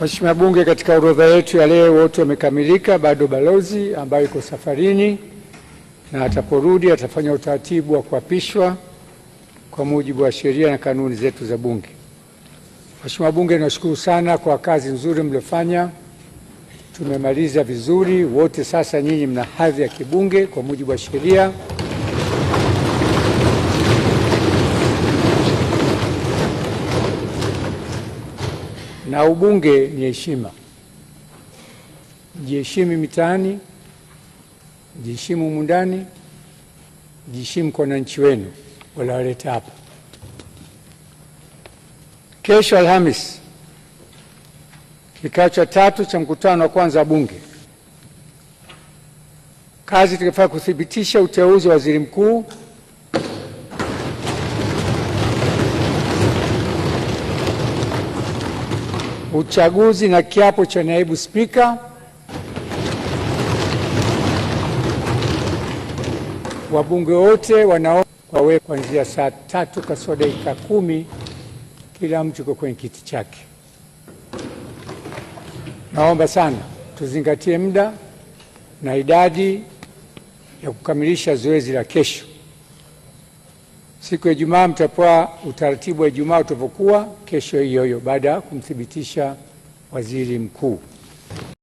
Mheshimiwa Bunge, katika orodha yetu ya leo wote wamekamilika, bado balozi ambayo iko safarini na ataporudi atafanya utaratibu wa kuapishwa kwa mujibu wa sheria na kanuni zetu za Bunge. Mheshimiwa Bunge, nashukuru sana kwa kazi nzuri mliofanya, tumemaliza vizuri wote. Sasa nyinyi mna hadhi ya kibunge kwa mujibu wa sheria. na ubunge ni heshima. Jiheshimu mitaani, jiheshimu humu ndani, jiheshimu kwa wananchi wenu waliowaleta hapa. Kesho Alhamis, kikao cha tatu cha mkutano wa kwanza wa Bunge, kazi tukifaa kuthibitisha uteuzi wa waziri mkuu uchaguzi na kiapo cha naibu spika wabunge wote wanaomba wawe kuanzia saa tatu kasoro dakika kumi kila mtu uko kwenye kiti chake. Naomba sana tuzingatie muda na idadi ya kukamilisha zoezi la kesho. Siku ya Ijumaa mtapewa utaratibu wa Ijumaa utapokuwa kesho hiyo hiyo baada ya kumthibitisha waziri mkuu.